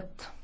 подкрепят